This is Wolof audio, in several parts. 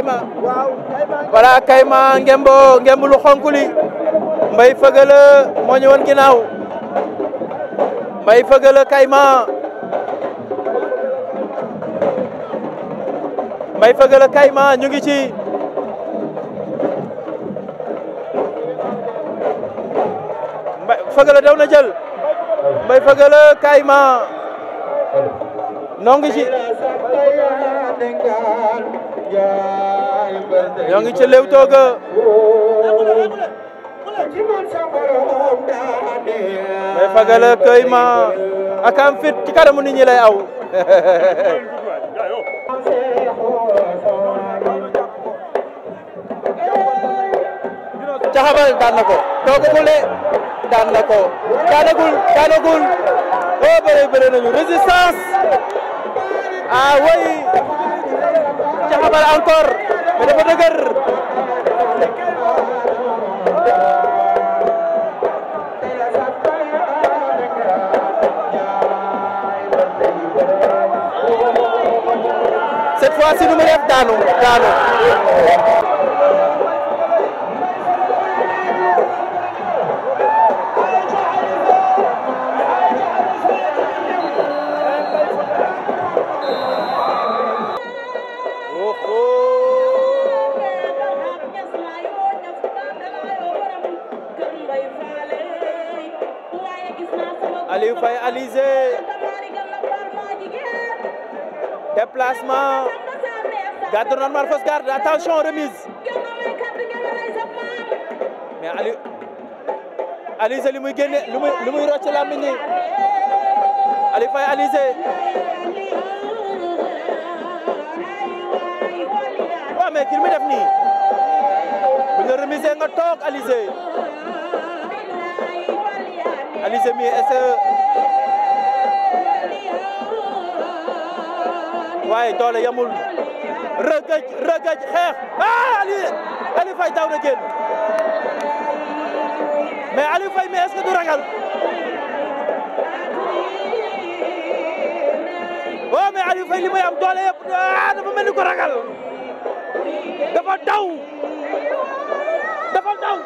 Kayma voilà Kayma ngembo ngemb lu xonk li Mbaye Feugueleu la moo ñëwoon ginnaaw Mbaye Kayma Mbaye Feugueleu Kayma ñu ngi ci Mbaye daw na jël Mbaye Feugueleu Kayma noo ngi ñoo ngi ci Leewtoo ga Mbaye Fagala Kayma ak am fit ci kanamu nit ñi lay aw caxabal daan na ko toogagule daan na ko daanagul daanagul o oh, bëre bëre nañu résistance ah way xabal encore mais dafa dëgër cette fois-ci nu mu def daanu daanu placement garde normal fausse garde attention remise mais Aliou Alizé li muy génne lu muy lu muy rocc la nit ñi Aliou Faye Alizé waaw mais ki muy def nii bu nga remise nga toog Alizé Alizé mi est-ce waaye toole yamul rëgëj rëgëj xeex ah Ali Ali Faye daw na génn mais Ali Faye mais est-ce que du ragal oh mais Ali Faye li may am doole yëpp ah dafa mel ni ko ragal dafa daw dafa daw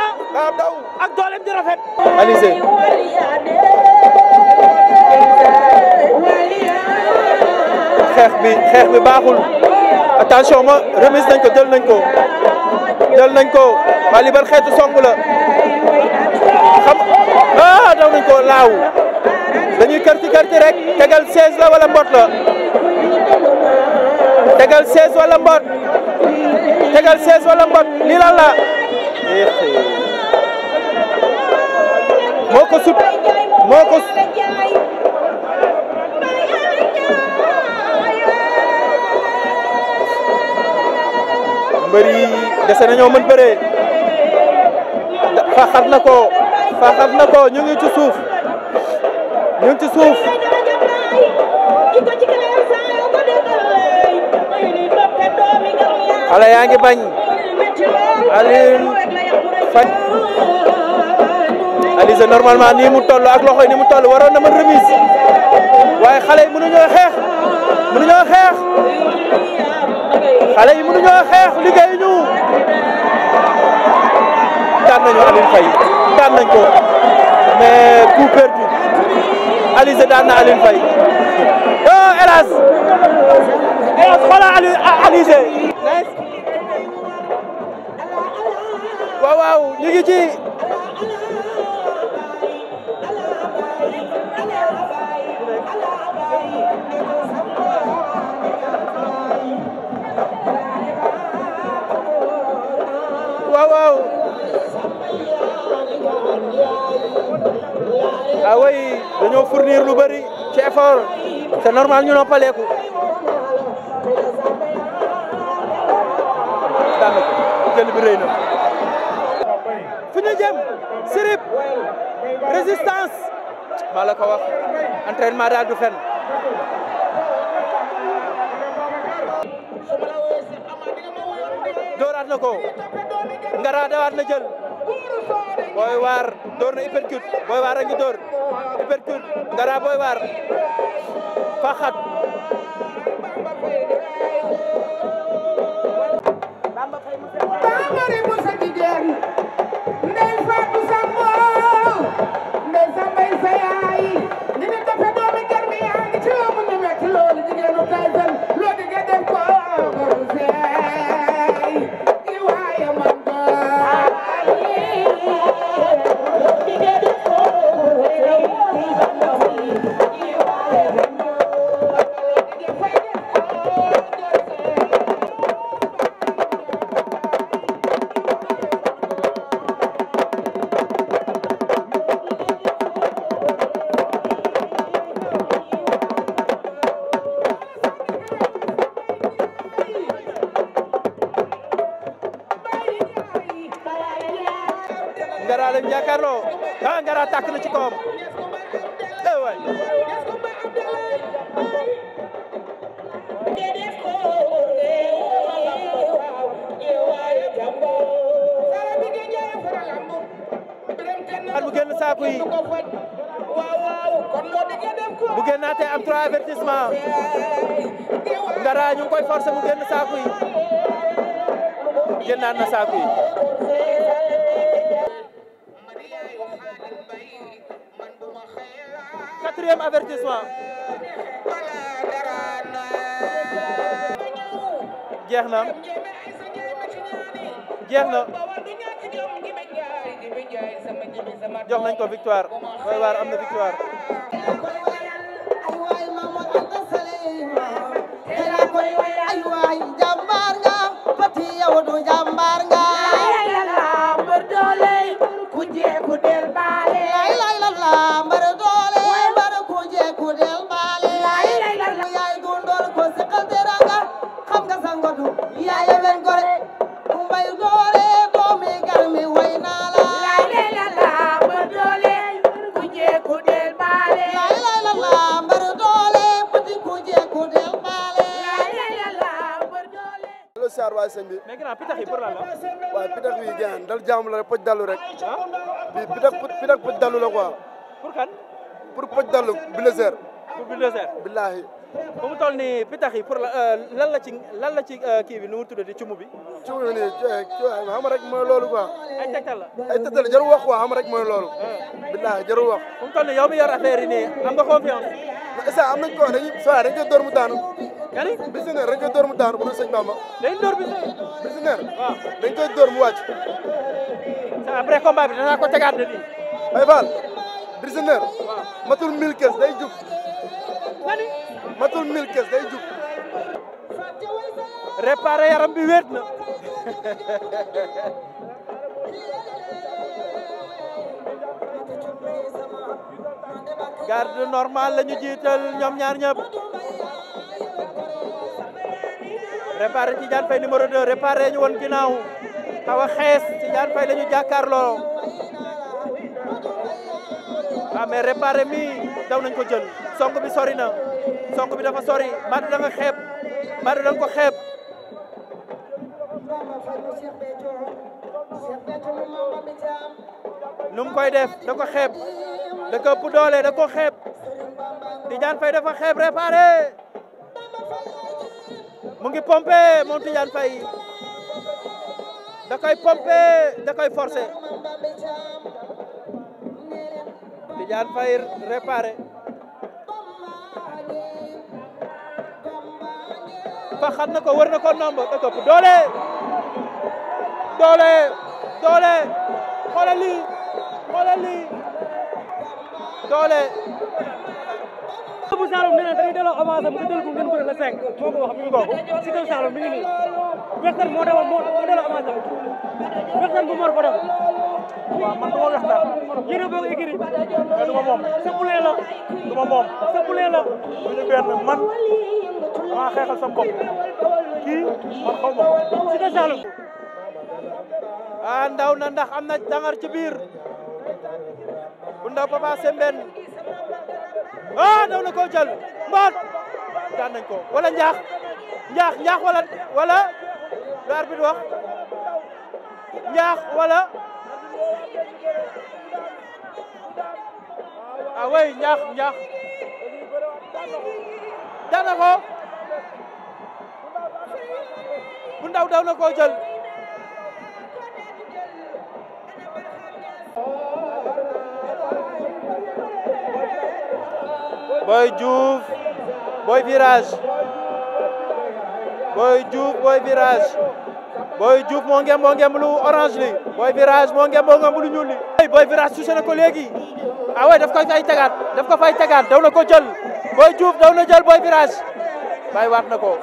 ah, ah, xeex bi xeex bi baaxul attention ma remise nañ ko jël nañ ko jël nañ ko Wally ban xeetu song la xam ah daw ko laaw dañuy kërti kërti rek tegal 16 la wala mbot la tegal 16 wala mbot tegal 16 wala mbot moo ko sut moo ko mbër yi nañoo mën bëree faxat na ko faxat na ko ñu ngi ci suuf ñu ngi ci suuf xale yaa ngi bañ Alioune Faye Alizé normalement nii mu toll ak loxo ni mu toll waroon na mën remise waaye xale mënuñoo xeex mënuñoo xeex xale yi mënuñoo xeex liggéey ñu daan nañu Alioune Faye daan nañ ko mais coup perdu Alizé daan na Alioune Faye oh hélas hélas xoolal Aliou Alizé waaw ah oui dañoo fournir lu bëri ci effort c'est normal ñu noppaleeku. daanaka jël bi rëy fu ñu jëm sirip résistance maa la ko wax entraînement daal du fen dooraat na ko ngara dawaat na jël. Boy Waar door na uppercut Boy a ngi door uppercut Dara Boy Waar faxat Bambara ngeen jàkkaarloo ah Ngara tàkk na ci kawam eh waay. bu génn saako yi bu génnaatee am trois avertissement Ngara ñu koy forcer mu génn saako yi génnaat na saako quatrième avertissement jeex na jeex na jox nañ ko victoire Boy Waar am na victoire waay sëñ bi. mais ginnaaw pitax yi pour lan la. waaw pitax yi gën dal jaamu la rek poj la quoi. billaahi. bu mu toll nii pitax la euh, la ci euh, kii bi bi. cumu bi nii eh, eh, xam rek mooy loolu quoi. ay tegtal la ay tegtal jarul wax quoi xam rek mooy loolu. Ah. billaahi jarul wax. bu mu toll nii yor affaire yi nii am nga confiance. mais est ko dañuy soit dañu koy door mu daanu. yaa ni Brisinaire dañ koy door mu daanu bu dul sëñ Bamba. door mu wàcc. après combat bi danaa ko tegaat ne nii. Baye Fall Brisinaire. waaw matul 1000 kees day jug. nga yaram bi wéet na. garde normale la ñu jiital ñoom ñaar ñëpp. réparé Tidiane Faye numéro 2 réparé ñu woon ginnaaw xaw a xees Tidiane Faye la ñu jàkkaarloo waaw ah, mais réparé daw nañ ko jël sonk bi sori na sonk bi dafa sori Madou da nga xeeb Madou ko xeeb nu koy def da ko xeeb da ko ëpp doole da ko xeeb Tidiane Faye dafa xeeb réparé mu ngi pompé moom Tidiane Faye da koy pompé da koy forcé Tidiane Faye réparé na ko wër na ko nomb da ko doole doole lii xoolal lii doole Saloum nee na dañuy delloo avancé bu ko jël ko ngeen bëri la 5 moo ko wax mi ngi kooku Siteu Saloum mi ngi nii Western moo delloo moo delloo avancé Western bu mor ko def waaw man duma Western yéen a bokk écrit mais duma moom sa poulet la duma moom sa poulet la ñu benn man maa xeexal sa bopp kii man xaw ma Siteu Saloum ah ndaw na ndax am na dangar ci biir bu ndaw Papa Sembène ah daw na koo jël mbaat daan nañ ko wala njaax njaax njaax wala wala lu arbitre wax njaax wala ah way njaax njaax daan ko bu ndaw daw na koo Boy Diouf Boy virage Boy Diouf Boy virage Boy Diouf moo ngem lu orange li Boy virage moo ngem moo ngem lu ñuul Boy virage touché na ko léegi ah ouais daf ko fay tagaat daf ko fay tagaat daw na ko jël Boy Diouf daw na jël Boy virage bàyyi waat na ko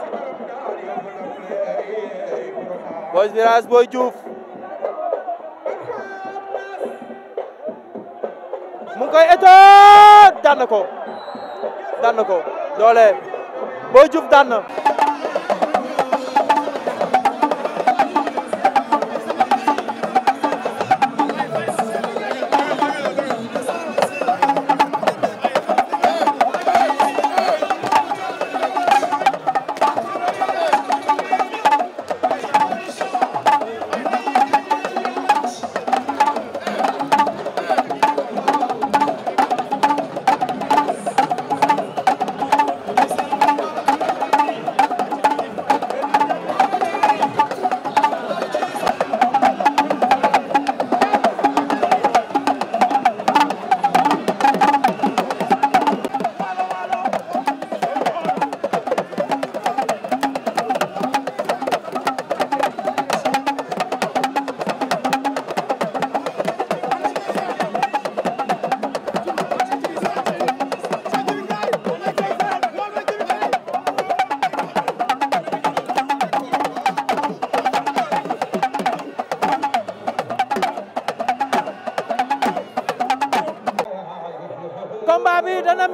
Boy virage Boy Diouf mu ngi koy daan na ko daan na ko doole Boy Diouf daan na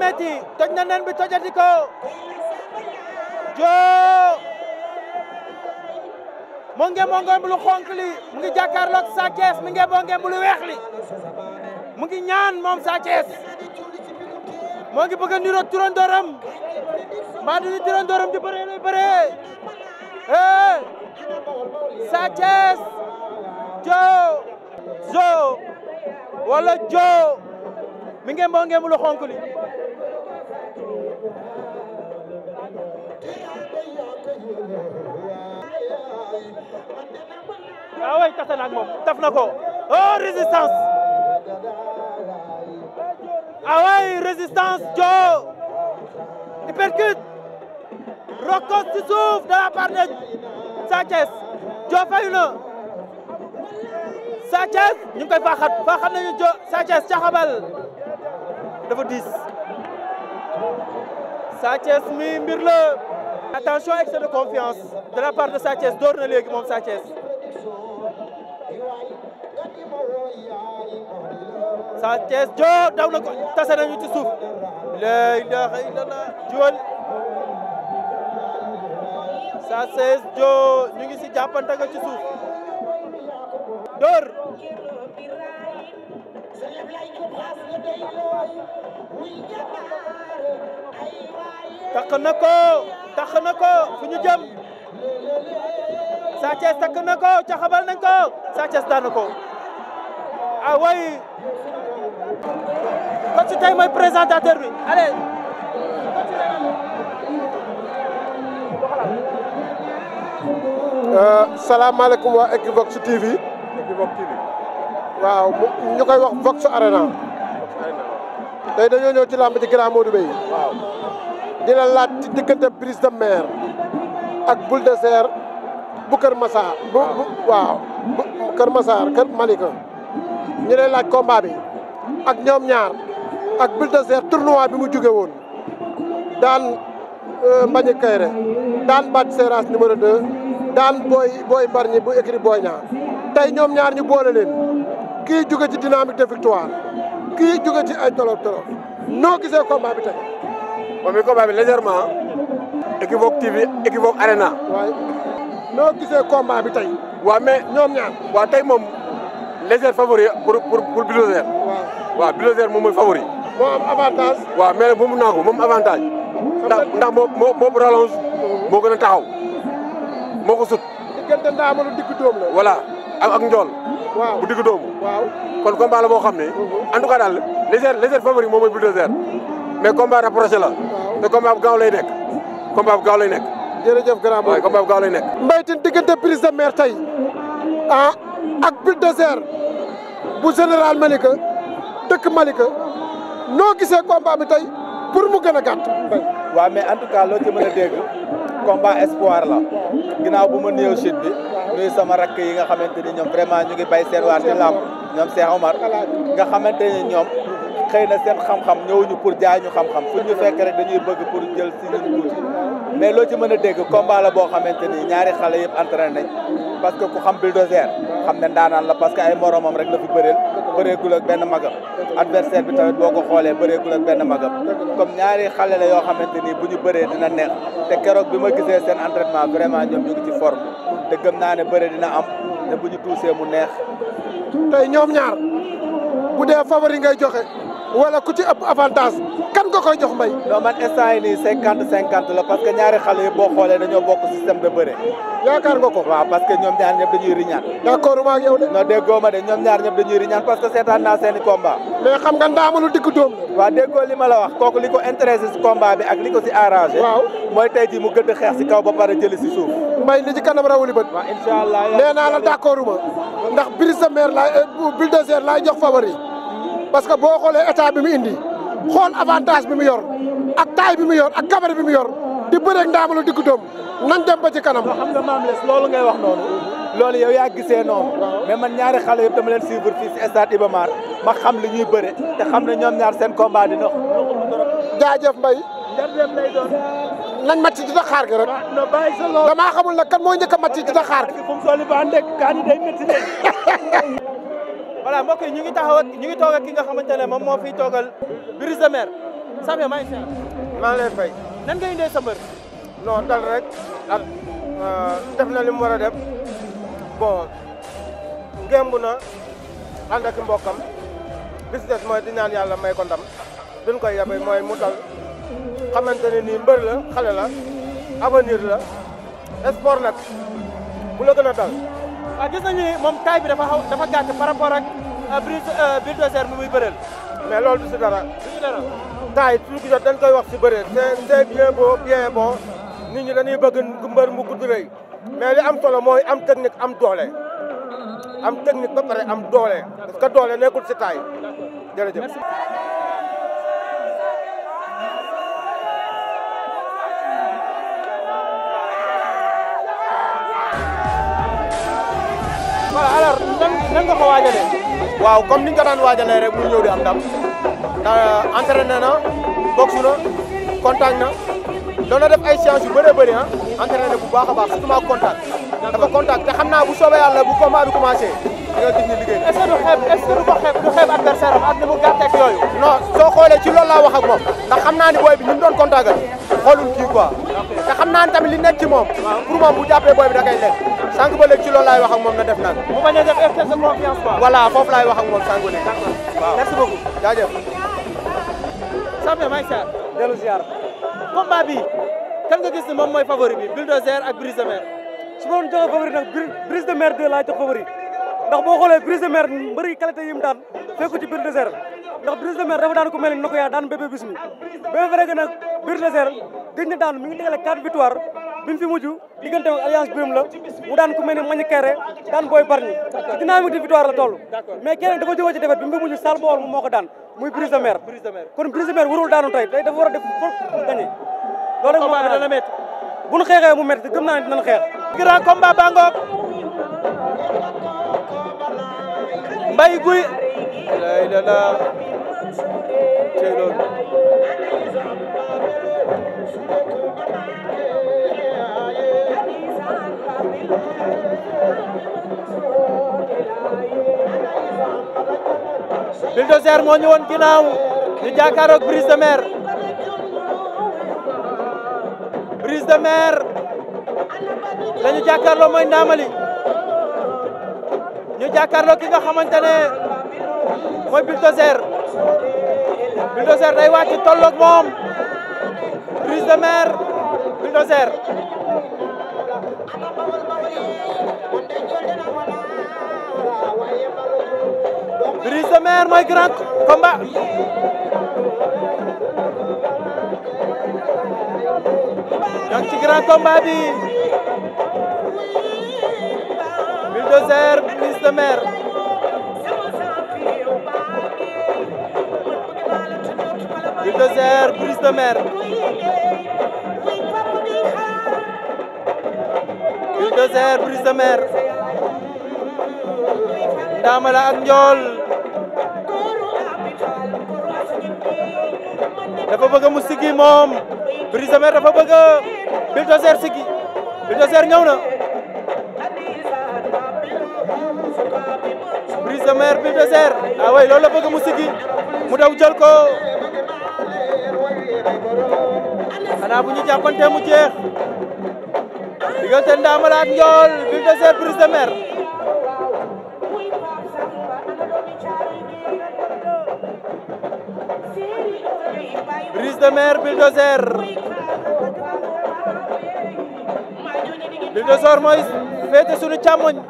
metti toj na nen bi tojati ko joo mu nge moo ngeen bulu xonk li mu ngi jàkkaarloog Sa Thiès mi nge moo ngeen bulu weex li mu ngi ñaan moom Sa moo ngi bëgg a niroo turandooram mbaa ni turandooram di bëree lay bëree eh Sa Thiès joo zoo wala joo mi nge moo ngeen bulu xonk li waaw ah waay moom def na ko oh résistance ah waay résistance joo di percute rokkos suuf de la part de Sa joo fayu na Sa Thiès ñu ngi koy faaxat faaxat nañu joo Sa Thiès diis Sa mi mbir la attention excès de confiance de la part de Sa door na léegi moom Sa Sa Thiès joo daw na ko tase nañu ci suuf la ilaha juwal Sa Thiès joo ñu ngi si jàppante nga ci suuf dóor tax na ko tax na ko fu ñu jëm Sa Thiès takk na ko caxabal nañ ko Sa Thiès daan na ko ah présentateur bi allez euh, salaamaaleykum waa Equivox TV. Equivox TV. waaw ñu koy wax Vox Arena. tey dañoo ñëw ci làmb ci Grand di la laaj ci diggante Brise de Mer ak Bulldozer. bu Kër Massar bu bu waaw bu Kër Massar Kër Malika ñu lay laaj combat bi ak ñoom ñaar ak Bulldozer tournoi bi mu jóge woon daan euh, Mbagne Kayre daan Bac Seras numéro 2 daan booy Boy Barñi bu écrit Boy Niang ñoom ñaar ñu boole leen kii jóge ci dynamique de victoire kii jóge ci ay tolof tolof noo gisee combat bi tey. moom mi combat bi légèrement. Arena. waay. noo gisee combat bi tey. waa mais ñoom ñaar. waaw tey moom léger favori pour pour pour bulldozer. waaw waaw moom mooy favori. moo am avantage. waaw mais moom naa ko moom avantage. ndax ndax moo moo moo mm-hmm. moo gën a taxaw moo ko sut. diggante ndaamalu digg doom la. voilà ak ak njool. waaw bu digg doomu. waaw kon combat la boo xam ne. Mm-hmm. en daal léger léger favori moom mooy bulldozer. mais combat rapproché la. te combat bu gaaw lay nekk. combat bu gaaw lay nekk. jërëjëf grand boobu waaye combat bu gaaw lay nekk. Mbaye Tine diggante prise de mer tey ah ak bulldozer bu général Malika dëkk Malika noo gisee combat bi tey pour mu gën a gàtt. waaw mais en tout cas loo mën a dégg combat espoir la ginnaaw bu ma néew chute bi nuyu sama rakk yi nga xamante ni ñoom vraiment ñu ngi bay seen waar ci làmb ñoom Cheikh Omar nga xamante ni ñoom. xëy na seen xam-xam ñëwuñu pour jaay xam-xam fu ñu fekk rek dañuy bëgg pour jël si ñun tuuti mais loo ci mën a dégg combat la boo xamante ni ñaari xale yëpp entraîné nañ parce que ku xam bulldozer xam ne ndaanaan la parce que ay moromam rek la bëreel bëreegul ak benn magam adversaire bi tamit boo ko xoolee bëreegul ak benn magam comme ñaari xale la yoo xamante bu ñu bëree dina neex te keroog bi ma gisee seen entraînement vraiment ñoom ñu ci forme ne bëre dina am te bu wala ku ci ëpp avantage kan nga koy jox mbay. non man instant yi nii cinquante cinquante la parce que ñaari xale yi boo xoolee dañoo bokk système de bëre. yaakaar nga ko. waaw parce que ñoom ñaar ñëpp dañuy riñaan. d'accord ma de. non déggoo de ñoom ñaar ñëpp dañuy riñaan parce que seetaan naa seen i combat. xam nga ndaamalu digg dóom la. déggoo li ma la wax kooku li ko intéressé si bi ak li ko si arrangé. waaw mooy tey jii mu gëdd xeex si kaw ba pare parce que boo xoolee état bi mu indi xool avantage bi mu yor ak taille bi mu yor ak gabarit bi mu yor di bëreeg ndaamalu diggu doom nan dem ba ci kanam. xam nga maam les loolu ngay wax noonu loolu yow yaa gisee noonu mais ñaari xale yëpp dama leen suivre fii si stade ma xam li ñuy bëre te xam ne ñoom ñaar seen combat dina jaajëf Mbaye. jaajëf lay doon. nañ màcc ci taxaar gi rek. a màcc ci taxaar gi. fu mu toll nii ba voilà mbokk yi ñu ngi taxaw ñu ngi toog ak ki nga xamante ne moom moo fiy toogal Brise de Mer Safia maa ngi seet. maa ngi nan ngay indee sa mbër. non dal rek ak euh, def na li mu war a def bon ngemb na ànd ak mbokkam bis mooy di ñaan yàlla may ko ndam duñ koy yabe mooy mu dal xamante ne nii mbër la xale la avenir nag bu dal. Ah, gis nañu ni moom taay bi dafa xaw dafa gàtt par rapport ak euh, euh, bulldozer bi muy bëreel. mais loolu du si dara. du si dara taay su ko jot dañ koy wax si bëreel. c'est c'est bien beau bien bon nit ñi dañuy bëgg mbër mu gudd rëy mais li am solo mooy am technique am doole am technique ba pare am doole parce que doole nekkul si taay jërëjëf. voilà alors nan nan nga ko waajalee. waaw comme ni nga ko daan waajalee rek mu ñëw di am ndam ndax euh, entraîné na box na contact na doon na def ay séances yu bëree ah. bu baax a baax surtout ma contact. dafa contact te xam naa bu soobee yàlla bu combat bi commencé. di nga gis ni liggéey est-ce que du xeeb est du ko du xeeb adversaire am ak ni mu gàtteeg yooyu. soo xoolee ci loolu laa xam naa ni booy doon contact ak kii quoi. te xam naa ni tamit moom. pour bu jàppee booy bi da koy lekk. sànq ba léegi ci loolu laay wax ak moom na def nag. bu bañ a def excès de confiance quoi. voilà foofu laay wax ak moom sànq ba léegi. waaw merci beaucoup jaajëf. Safé maa ngi ziar. dellu ziar. combat bi kan nga gis ni moom mooy favori bi Bulldozer ak Brise de Mer. su ma doon joxe favori nag Brise de Mer 2 laa jox favori ndax boo xoolee Brise de Mer mbëri qualité yi mu daan fekku ci Bulldozer ndax Brise de Mer dafa daan ko mel ni na ko yaa daan bébé bis mi. ba vrai que nag Bulldozer gëj na daan mi ngi digale 4 victoire. bi mu fi mujj diggante ak alliance biram la mu daan ku mel ne mañu kere daan booy barñi ci dynamique de victoire la toll mais keneen dafa jógee ci defet bi mu fi mujj sal bool moo ko daan muy brise de mer kon brise de mer warul daanu tey tey dafa war a def foofu gañe loolu rek moo dana métti bu nu mu métti gëm naa ne dinañ xeex grand combat baa mbay guy la la la Bulldozer moo ñëwoon ginnaaw ñu jàkkaaroog Brise de Mer Brise de Mer la ñu jàkkaarloo mooy Ndamali ñu jàkkaarloo ki nga ne mooy Bulldozer Bulldozer day wàcc tolloog moom Brise de Mer Bulldozer Brise de mooy grand combat ñoo ci grand combat bi Bulldozer Brise 2R brise de mer Ndamala ak Ndiol dafa bëgg mu siggi moom brise de mer dafa bëgg Bulldozer siggi Bulldozer ñëw na brise de mer Bulldozer ah way loolu la bëgg mu siggi mu daw jël ko xanaa bu ñu jàppante mu jeex diggante Ndaamalaat Ndiol Bulldozer Brise de Mer Brise de Mer Bulldozer Bulldozer mooy féete sunu càmmoñ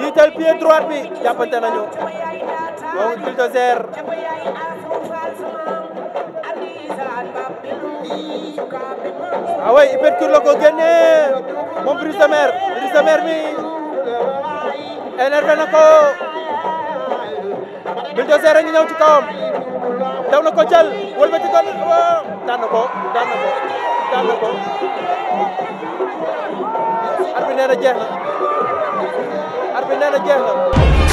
jiital pied droit bi jàppante nañu moom Bulldozer ah oui hypercure la ko génnee moom Brise de Mer Brise de Mer mi énervé na ko bulldozer a ci kawam daw na ko jël wëlbati ko daan na ko daan na ko daan na ko arbitre nee na jeex na arbitre nee na jeex na